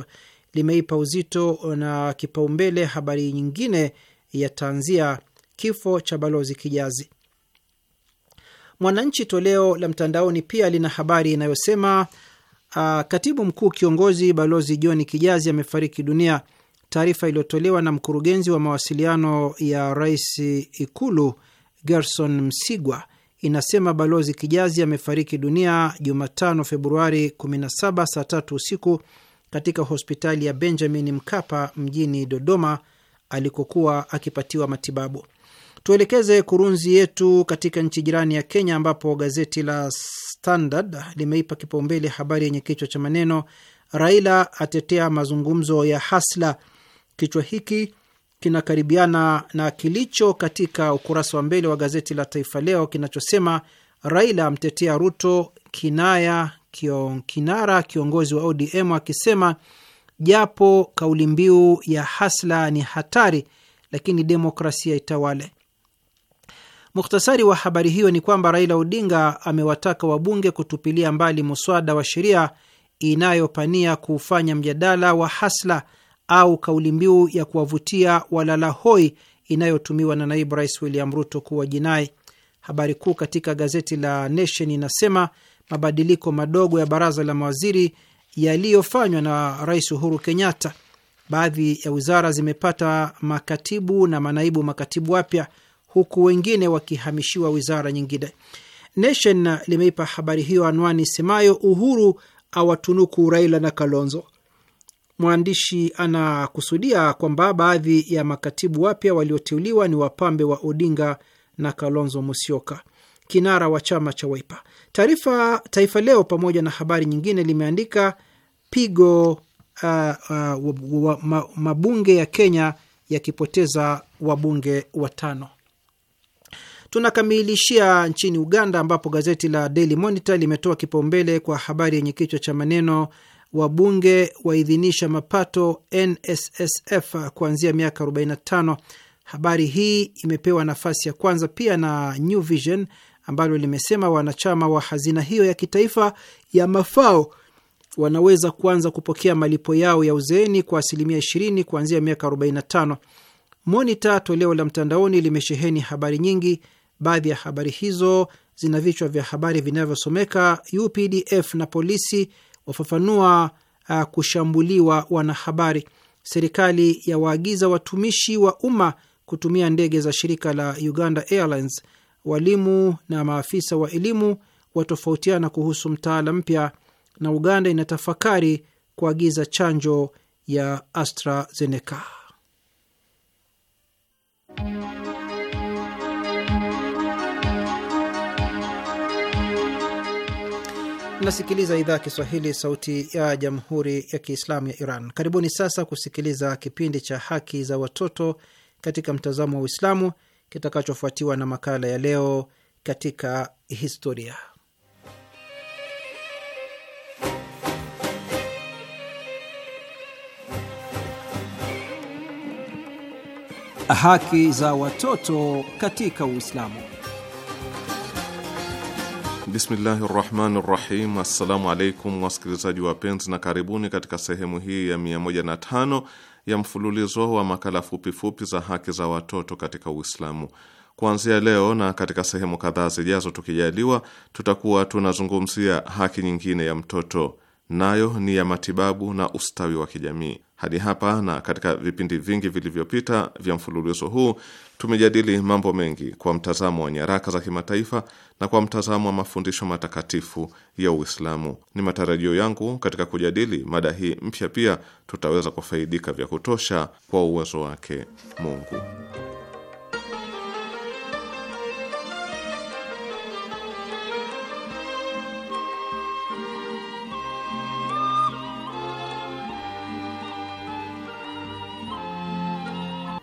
limeipa uzito na kipaumbele habari nyingine ya tanzia, kifo cha Balozi Kijazi. Mwananchi toleo la mtandaoni pia lina habari inayosema uh, katibu mkuu kiongozi Balozi John Kijazi amefariki dunia. Taarifa iliyotolewa na mkurugenzi wa mawasiliano ya rais Ikulu Gerson Msigwa inasema Balozi Kijazi amefariki dunia Jumatano, Februari 17 saa tatu usiku katika hospitali ya Benjamin Mkapa mjini Dodoma alikokuwa akipatiwa matibabu. Tuelekeze kurunzi yetu katika nchi jirani ya Kenya, ambapo gazeti la Standard limeipa kipaumbele habari yenye kichwa cha maneno Raila atetea mazungumzo ya hasla. Kichwa hiki kinakaribiana na kilicho katika ukurasa wa mbele wa gazeti la Taifa Leo kinachosema Raila amtetea Ruto kinaya kion, kinara kiongozi wa ODM akisema japo kauli mbiu ya hasla ni hatari, lakini demokrasia itawale. Muhtasari wa habari hiyo ni kwamba Raila Odinga amewataka wabunge kutupilia mbali muswada wa sheria inayopania kuufanya mjadala wa hasla au kauli mbiu ya kuwavutia walala hoi inayotumiwa na naibu rais William Ruto kuwa jinai. Habari kuu katika gazeti la Nation inasema mabadiliko madogo ya baraza la mawaziri yaliyofanywa na Rais Uhuru Kenyatta, baadhi ya wizara zimepata makatibu na manaibu makatibu wapya huku wengine wakihamishiwa wizara nyingine. Nation limeipa habari hiyo anwani semayo Uhuru awatunuku Raila na Kalonzo. Mwandishi anakusudia kwamba baadhi ya makatibu wapya walioteuliwa ni wapambe wa Odinga na Kalonzo Musyoka, kinara wa chama cha waipa Taarifa Taifa Leo pamoja na habari nyingine limeandika pigo, uh, uh, mabunge ya Kenya yakipoteza wabunge watano. Tunakamilishia nchini Uganda, ambapo gazeti la Daily Monitor limetoa kipaumbele kwa habari yenye kichwa cha maneno wabunge waidhinisha mapato NSSF kuanzia miaka 45. Habari hii imepewa nafasi ya kwanza pia na New Vision ambalo limesema wanachama wa hazina hiyo ya kitaifa ya mafao wanaweza kuanza kupokea malipo yao ya uzeeni kwa asilimia 20 kuanzia miaka 45. Monita toleo la mtandaoni limesheheni habari nyingi Baadhi ya habari hizo zina vichwa vya habari vinavyosomeka UPDF na polisi wafafanua uh, kushambuliwa wanahabari, serikali ya waagiza watumishi wa umma kutumia ndege za shirika la Uganda Airlines, walimu na maafisa wa elimu watofautiana kuhusu mtaala mpya, na Uganda inatafakari kuagiza chanjo ya AstraZeneca. Mnasikiliza idhaa ya Kiswahili, sauti ya jamhuri ya kiislamu ya Iran. Karibuni sasa kusikiliza kipindi cha haki za watoto katika mtazamo wa Uislamu kitakachofuatiwa na makala ya leo katika historia. Haki za watoto katika Uislamu. Bismillahi rahmani rahim. Assalamu alaikum wasikilizaji wapenzi, na karibuni katika sehemu hii ya 105 ya mfululizo wa makala fupifupi za haki za watoto katika Uislamu. Kuanzia leo na katika sehemu kadhaa zijazo, tukijaliwa, tutakuwa tunazungumzia haki nyingine ya mtoto nayo ni ya matibabu na ustawi wa kijamii. Hadi hapa na katika vipindi vingi vilivyopita vya mfululizo huu tumejadili mambo mengi kwa mtazamo wa nyaraka za kimataifa na kwa mtazamo wa mafundisho matakatifu ya Uislamu. Ni matarajio yangu katika kujadili mada hii mpya pia tutaweza kufaidika vya kutosha kwa uwezo wake Mungu.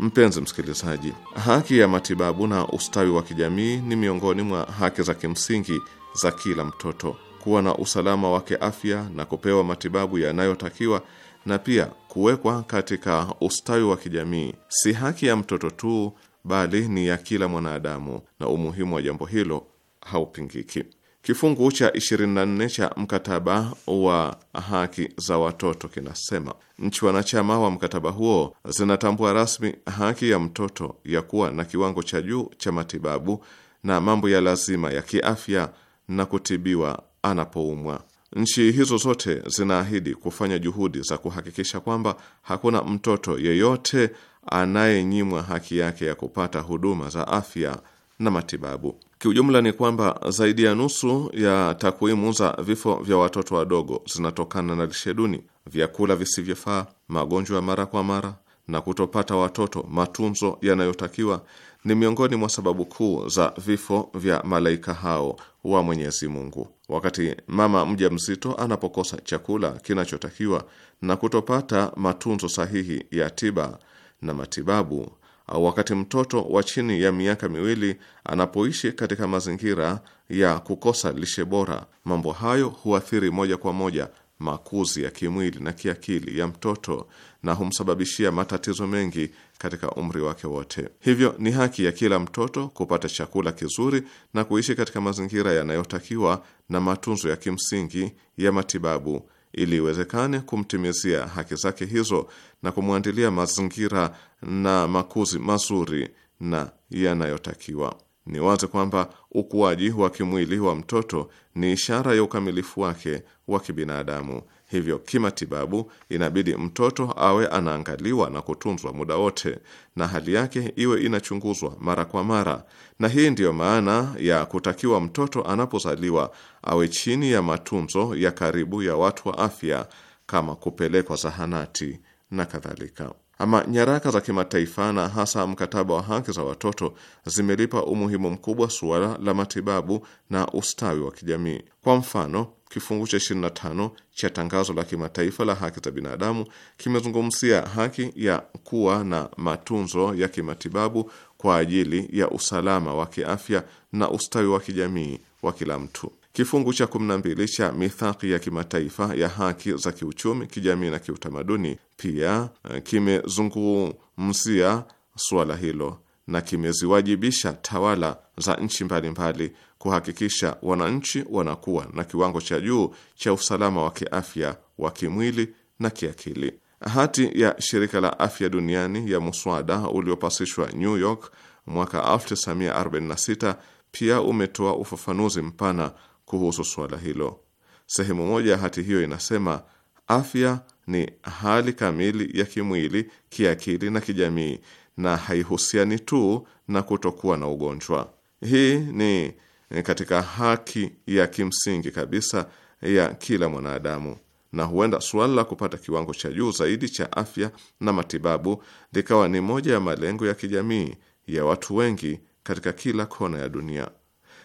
Mpenzi msikilizaji, haki ya matibabu na ustawi wa kijamii ni miongoni mwa haki za kimsingi za kila mtoto. Kuwa na usalama wa kiafya na kupewa matibabu yanayotakiwa na pia kuwekwa katika ustawi wa kijamii si haki ya mtoto tu, bali ni ya kila mwanadamu, na umuhimu wa jambo hilo haupingiki. Kifungu cha 24 cha mkataba wa haki za watoto kinasema nchi wanachama wa mkataba huo zinatambua rasmi haki ya mtoto ya kuwa na kiwango cha juu cha matibabu na mambo ya lazima ya kiafya na kutibiwa anapoumwa. Nchi hizo zote zinaahidi kufanya juhudi za kuhakikisha kwamba hakuna mtoto yeyote anayenyimwa haki yake ya kupata huduma za afya na matibabu. Kiujumla ni kwamba zaidi ya nusu ya takwimu za vifo vya watoto wadogo zinatokana na lishe duni, vyakula visivyofaa, magonjwa ya mara kwa mara na kutopata watoto matunzo yanayotakiwa ni miongoni mwa sababu kuu za vifo vya malaika hao wa Mwenyezi Mungu. Wakati mama mja mzito anapokosa chakula kinachotakiwa na kutopata matunzo sahihi ya tiba na matibabu au wakati mtoto wa chini ya miaka miwili anapoishi katika mazingira ya kukosa lishe bora, mambo hayo huathiri moja kwa moja makuzi ya kimwili na kiakili ya mtoto na humsababishia matatizo mengi katika umri wake wote. Hivyo ni haki ya kila mtoto kupata chakula kizuri na kuishi katika mazingira yanayotakiwa na matunzo ya kimsingi ya matibabu ili iwezekane kumtimizia haki zake hizo na kumwandilia mazingira na makuzi mazuri na yanayotakiwa. Ni wazi kwamba ukuaji wa kimwili wa mtoto ni ishara ya ukamilifu wake wa kibinadamu Hivyo kimatibabu, inabidi mtoto awe anaangaliwa na kutunzwa muda wote na hali yake iwe inachunguzwa mara kwa mara, na hii ndiyo maana ya kutakiwa mtoto anapozaliwa awe chini ya matunzo ya karibu ya watu wa afya kama kupelekwa zahanati na kadhalika. Ama nyaraka za kimataifa na hasa mkataba wa haki za watoto zimelipa umuhimu mkubwa suala la matibabu na ustawi wa kijamii. Kwa mfano, kifungu cha 25 cha tangazo la kimataifa la haki za binadamu kimezungumzia haki ya kuwa na matunzo ya kimatibabu kwa ajili ya usalama wa kiafya na ustawi wa kijamii wa kila mtu. Kifungu cha 12 cha mithaki ya kimataifa ya haki za kiuchumi, kijamii na kiutamaduni pia eh, kimezungumzia suala hilo na kimeziwajibisha tawala za nchi mbalimbali kuhakikisha wananchi wanakuwa na kiwango cha juu cha usalama wa kiafya wa kimwili na kiakili. Hati ya shirika la afya duniani ya muswada uliopasishwa New York mwaka 1946 pia umetoa ufafanuzi mpana kuhusu suala hilo. Sehemu moja ya hati hiyo inasema, afya ni hali kamili ya kimwili, kiakili na kijamii, na haihusiani tu na kutokuwa na ugonjwa. Hii ni Eh, katika haki ya kimsingi kabisa ya kila mwanadamu, na huenda suala la kupata kiwango cha juu zaidi cha afya na matibabu likawa ni moja ya malengo ya kijamii ya watu wengi katika kila kona ya dunia.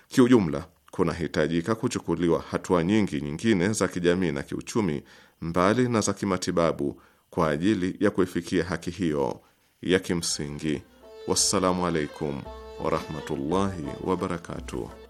Kiujumla, kunahitajika kuchukuliwa hatua nyingi nyingine za kijamii na kiuchumi, mbali na za kimatibabu, kwa ajili ya kuifikia haki hiyo ya kimsingi. Wassalamu alaikum warahmatullahi wabarakatuh.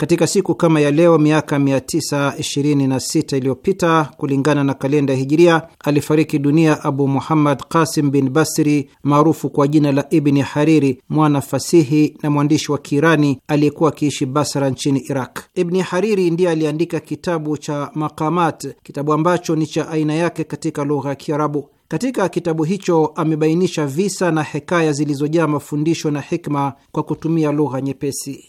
Katika siku kama ya leo miaka 926 iliyopita kulingana na kalenda ya Hijiria, alifariki dunia Abu Muhammad Qasim bin Basri maarufu kwa jina la Ibni Hariri, mwana fasihi na mwandishi wa Kiirani aliyekuwa akiishi Basra nchini Iraq. Ibni Hariri ndiye aliandika kitabu cha Maqamat, kitabu ambacho ni cha aina yake katika lugha ya Kiarabu. Katika kitabu hicho amebainisha visa na hekaya zilizojaa mafundisho na hikma kwa kutumia lugha nyepesi.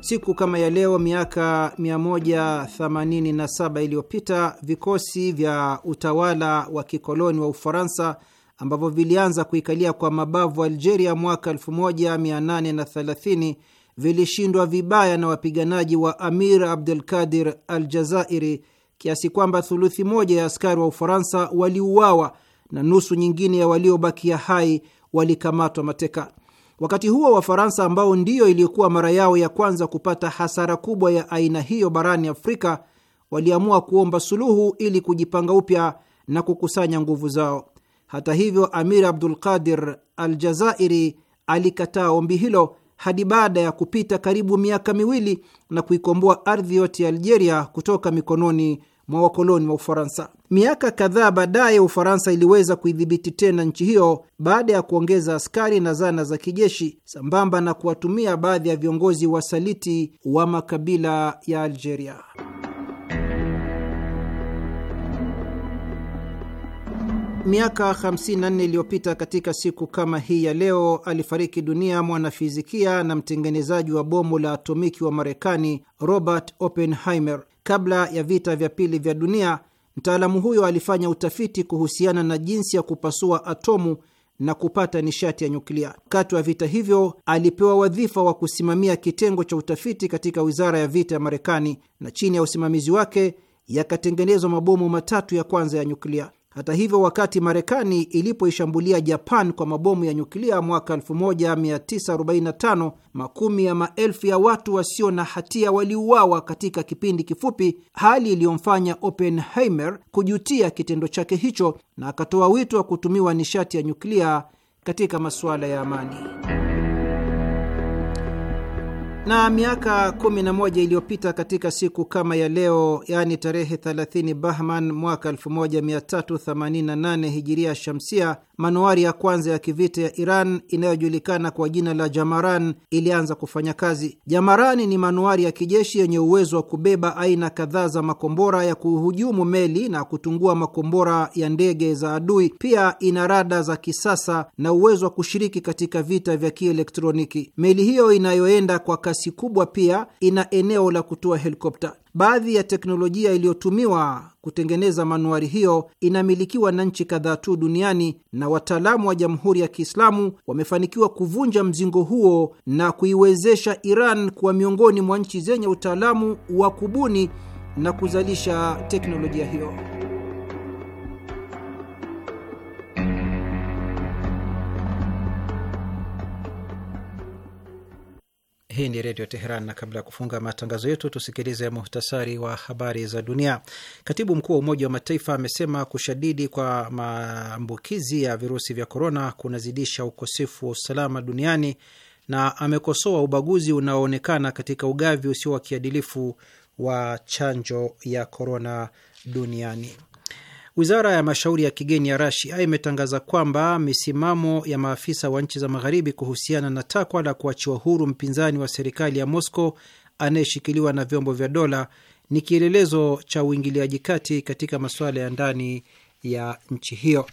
Siku kama ya leo miaka 187 iliyopita vikosi vya utawala wa kikoloni wa Ufaransa ambavyo vilianza kuikalia kwa mabavu Algeria mwaka 1830 vilishindwa vibaya na wapiganaji wa Amir Abdelkadir Al Jazairi kiasi kwamba thuluthi moja ya askari wa Ufaransa waliuawa na nusu nyingine ya waliobakia hai walikamatwa mateka. Wakati huo Wafaransa, ambao ndiyo iliyokuwa mara yao ya kwanza kupata hasara kubwa ya aina hiyo barani Afrika, waliamua kuomba suluhu ili kujipanga upya na kukusanya nguvu zao. Hata hivyo, Amir Abdul Qadir al Jazairi alikataa ombi hilo hadi baada ya kupita karibu miaka miwili na kuikomboa ardhi yote ya Algeria kutoka mikononi mwa wakoloni wa Ufaransa. Miaka kadhaa baadaye, Ufaransa iliweza kuidhibiti tena nchi hiyo baada ya kuongeza askari na zana za kijeshi sambamba na kuwatumia baadhi ya viongozi wasaliti wa makabila ya Algeria. Miaka 54 iliyopita katika siku kama hii ya leo alifariki dunia mwanafizikia na mtengenezaji wa bomu la atomiki wa Marekani Robert Oppenheimer kabla ya vita vya pili vya dunia, mtaalamu huyo alifanya utafiti kuhusiana na jinsi ya kupasua atomu na kupata nishati ya nyuklia. Wakati wa vita hivyo alipewa wadhifa wa kusimamia kitengo cha utafiti katika wizara ya vita ya Marekani, na chini ya usimamizi wake yakatengenezwa mabomu matatu ya kwanza ya nyuklia. Hata hivyo, wakati Marekani ilipoishambulia Japan kwa mabomu ya nyuklia mwaka 1945, makumi ya maelfu ya watu wasio na hatia waliuawa katika kipindi kifupi, hali iliyomfanya Oppenheimer kujutia kitendo chake hicho na akatoa wito wa kutumiwa nishati ya nyuklia katika masuala ya amani. Na miaka 11 iliyopita katika siku kama ya leo, yaani tarehe 30 Bahman mwaka 1388 hijiria shamsia, manuari ya kwanza ya kivita ya Iran inayojulikana kwa jina la Jamaran ilianza kufanya kazi. Jamarani ni manuari ya kijeshi yenye uwezo wa kubeba aina kadhaa za makombora ya kuhujumu meli na kutungua makombora ya ndege za adui. Pia ina rada za kisasa na uwezo wa kushiriki katika vita vya kielektroniki. Meli hiyo inayoenda kwa kasi kubwa pia ina eneo la kutoa helikopta. Baadhi ya teknolojia iliyotumiwa kutengeneza manuari hiyo inamilikiwa na nchi kadhaa tu duniani, na wataalamu wa Jamhuri ya Kiislamu wamefanikiwa kuvunja mzingo huo na kuiwezesha Iran kuwa miongoni mwa nchi zenye utaalamu wa kubuni na kuzalisha teknolojia hiyo. Hii ni Redio Teheran, na kabla ya kufunga matangazo yetu tusikilize muhtasari wa habari za dunia. Katibu mkuu wa Umoja wa Mataifa amesema kushadidi kwa maambukizi ya virusi vya korona kunazidisha ukosefu wa usalama duniani na amekosoa ubaguzi unaoonekana katika ugavi usio wa kiadilifu wa chanjo ya korona duniani. Wizara ya mashauri ya kigeni ya Rasia imetangaza kwamba misimamo ya maafisa wa nchi za magharibi kuhusiana na takwa la kuachiwa huru mpinzani wa serikali ya Moscow anayeshikiliwa na vyombo vya dola ni kielelezo cha uingiliaji kati katika masuala ya ndani ya nchi hiyo.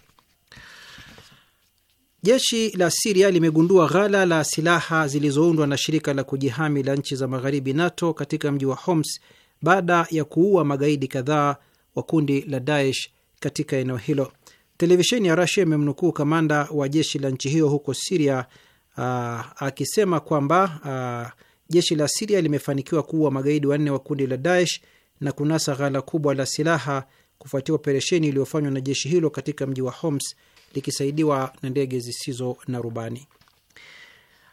Jeshi la Siria limegundua ghala la silaha zilizoundwa na shirika la kujihami la nchi za magharibi NATO katika mji wa Homs baada ya kuua magaidi kadhaa wa kundi la Daesh katika eneo hilo. Televisheni ya Rasia imemnukuu kamanda wa jeshi la nchi hiyo huko Siria uh, akisema kwamba uh, jeshi la Siria limefanikiwa kuua magaidi wanne wa kundi la Daesh na kunasa ghala kubwa la silaha kufuatia operesheni iliyofanywa na jeshi hilo katika mji wa Homs likisaidiwa na ndege zisizo na rubani.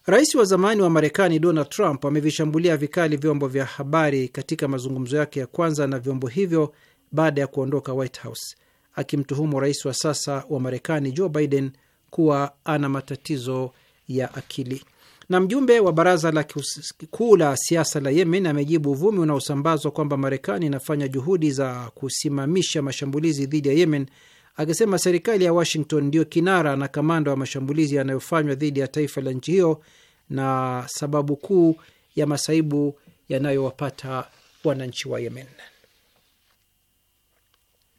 Rais wa zamani wa Marekani Donald Trump amevishambulia vikali vyombo vya habari katika mazungumzo yake ya kwanza na vyombo hivyo baada ya kuondoka White House akimtuhumu rais wa sasa wa Marekani Joe Biden kuwa ana matatizo ya akili. Na mjumbe wa baraza la kuu la siasa la Yemen amejibu uvumi unaosambazwa kwamba Marekani inafanya juhudi za kusimamisha mashambulizi dhidi ya Yemen, akisema serikali ya Washington ndiyo kinara na kamanda wa mashambulizi yanayofanywa dhidi ya taifa la nchi hiyo na sababu kuu ya masaibu yanayowapata wananchi wa Yemen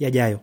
yajayo.